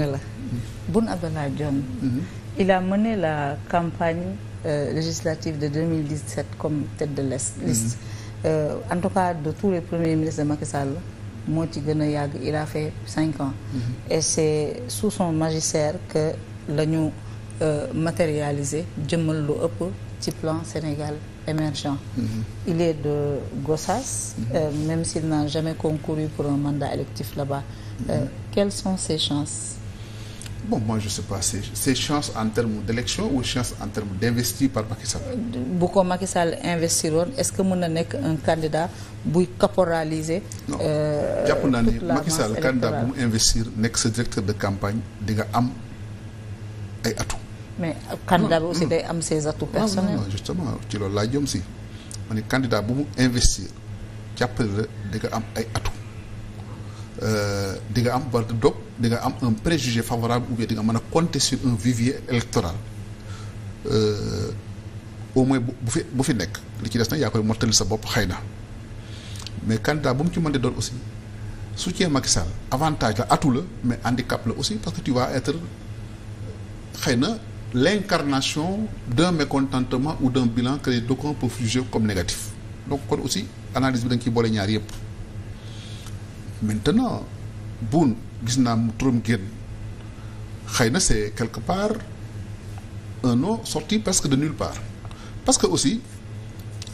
nga la Boun Abdallah Dionne mm-hmm. il a mené la campagne euh, législative de 2017 comme tête de mm-hmm. liste euh, en tout cas de tous les premiers ministres de Macky Sall moo ci gën yàgg il a fait cinq ans mm-hmm. et c'est sous son magistère que la ñu euh, matérialiser jëmmal lu ëpp ci plan Sénégal émergent mm -hmm. il est de Gossas euh, même s'il n'a jamais concouru pour un mandat électif là-bas euh, quelles sont ses chances Bon, moi, je ne sais pas. C'est chance en termes d'élection ou chance en termes d'investi par Macky Sall Bu ko Macky Sall investiroon est-ce que mën na nekk un candidat buy caporaliser. non euh, jàpp naa ne Macky Sall candidat bu mu investir nekk sa directeur de campagne di nga am ay atouts. mais candidat bi day am ses atouts personnels. non non justement ci loolu laa jëm si. ma ne candidat bu mu investir jàppale la di nga am ay atouts euh, di nga am war a di nga am un préjugé favorable ou bi di nga mën a compter sur un vivier électoral euh, au moins bu bu fi bu fi nekk li ci des nag yaa koy mottali sa bopp xëy na mais candidat bu mu ci mën di doon aussi soutien Macky Sall avantage la atout la mais handicap la aussi parce que tu vas être xëy na l'incarnation d'un mécontentement ou d'un bilan que les locaux peuvent juger comme négatif donc kon aussi analyse bi da nga ciy boole ñaar yëpp gis naa mu turam génn xëy na c'est quelque part un nom sorti que de nulle part parce que aussi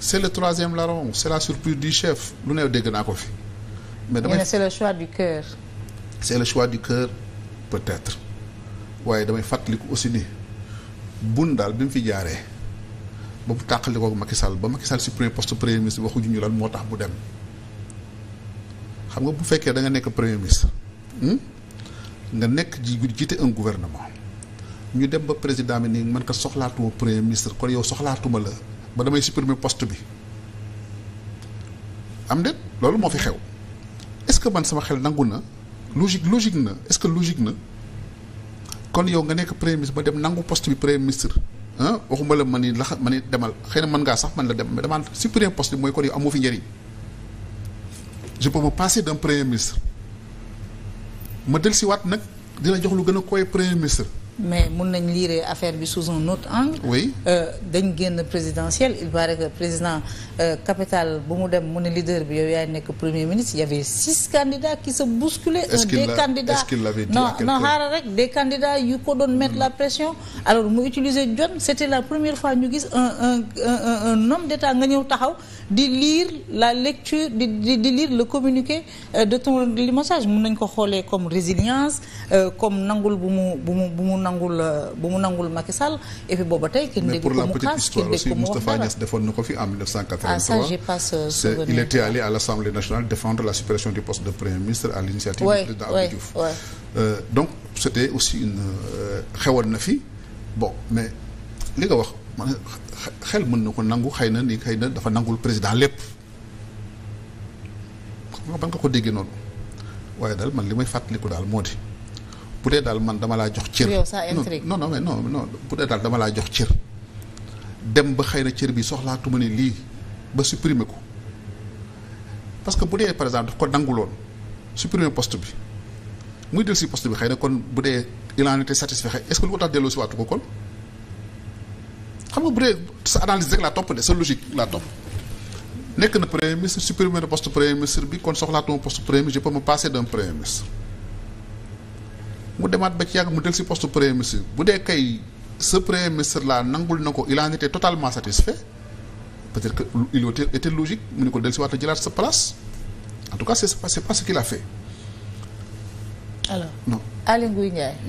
c'est le troisième larron c'est la surprise du chef lu ne dégg naa ko fi. mais damay c'est le choix du cœur. c'est le choix du cœur peut-être waaye damay fàttaliku aussi ni bun daal bi mu fi jaaree ba mu tàqali ko Sall ba Macky Sall si premier poste premier ministre ju ñu lan moo tax mu dem xam nga bu fekkee da nga nekk premier ministre. Hmm? nga nekk ji jiite un gouvernement ñu dem ba président bi nii man ka soxlaatuma premier ministre kon yow soxlaatuma la ba damay supprimer poste bi am déet loolu moo fi xew est-ce que man sama xel nangu na logique logique na est que logique na kon yow nga nekk premier ministre ba dem nangu poste bi premier ministre ah waxuma la ma ni la man ni demal xëy na mën ngaa sax man la dem ma damaa supprimer post bi mooy kon yow amoo fi njëriñ je ma me passer d'un premier ministre ma dellusiwaat nag dina jox lu gën a koy premier ministre mais mun nañ lire affaire bi sous un autre angle. Euh, dañ génn présidentiel il paraît que président euh, capital bu mu dem mu ne leader bi yow yaay nekk premier ministre y avait six candidats qui se bousculaient. est-ce qu'il l'avait dit non non xaaral rek des candidats yu ko doon mettre la pression. alors mu utiliser John c'était la première fois ñu gis un un un d'État nga ñëw taxaw di lire la lecture di di di lire le communiqué euh, de ton li message mun nañ ko xoolee comme résilience comme nangul bu mu bu mu. nangul euh, bu mu nangul Macky Sall et puis booba tey kenn dégg ko mu xaas mais pour la petite histoire aussi Moustapha defoon na ko fi en 1983 ah ça j'ai pas ce souvenir il était allé à l'Assemblée nationale défendre la suppression du poste de premier ministre à l'initiative du président Abdou euh, donc c'était aussi une euh, xewoon na fi boo mais li nga wax man xel mën na ko nangu xëy na ni xëy na dafa nangul président lépp xam nga nga ko déggee noonu waaye daal man li may fàttaliku daal moo di bu dee daal man dama laa jox cër. yow ça intrigue non non mais non non bu dee daal dama laa jox cër. dem ba xëy na cër bi soxlaatuma ne lii ba supprimer ko parce que bu dee par exemple daf ko nanguloon supprimer poste bi muy del si post bi xëy na kon bu dee il en était satisfait est-ce que lu ko tax delloo si waatu ko kon xam nga bu dee sa analyse rek laa topp de sa logique laa topp. nekk na premier ministre supprimer na poste premier ministre bi kon soxlaatuma poste premier mu demaat ba ci yàgg mu del si poste premier ministre bu dee kay ce premier ministre là nangul na ko il en était totalement satisfait peut-être que il était logique mu ne ko del si waat a jëlaat sa place en tout cas c'est pas c'est pas ce qu'il fait alors non Aly Ngouille